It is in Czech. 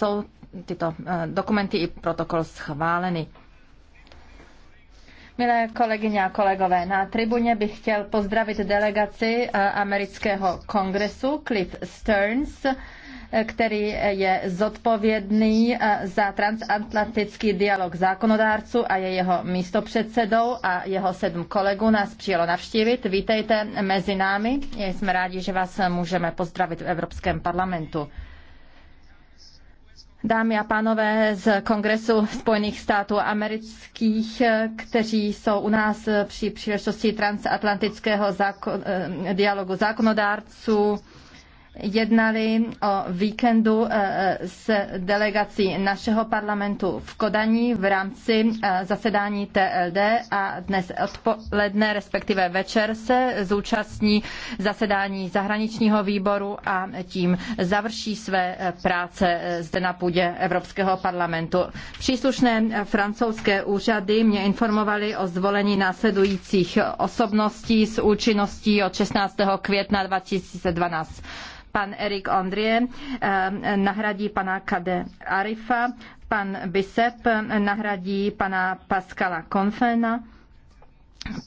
jsou tyto eh, dokumenty i protokol schváleny. Milé kolegyně a kolegové, na tribuně bych chtěl pozdravit delegaci eh, amerického kongresu Cliff Stearns, eh, který je zodpovědný za transatlantický dialog zákonodárců a je jeho místopředsedou a jeho sedm kolegů nás přijelo navštívit. Vítejte mezi námi, jsme rádi, že vás můžeme pozdravit v Evropském parlamentu dámy a pánové z Kongresu Spojených států amerických, kteří jsou u nás při příležitosti transatlantického eh, dialogu zákonodárců, jednali o víkendu eh, eh, s delegací našeho parlamentu v Kodani v rámci eh, zasedání TLD a dnes odpoledne, respektive večer, se zúčastní zasedání zahraničního výboru a tím završí své práce zde na půdě Evropského parlamentu. Příslušné francouzské úřady mě informovali o zvolení následujících osobností s účinností od 16. května 2012. Pan Erik Andrie eh, nahradí pana Kade Arifa, pan Bisep eh, nahradí pana Pascala Konfena.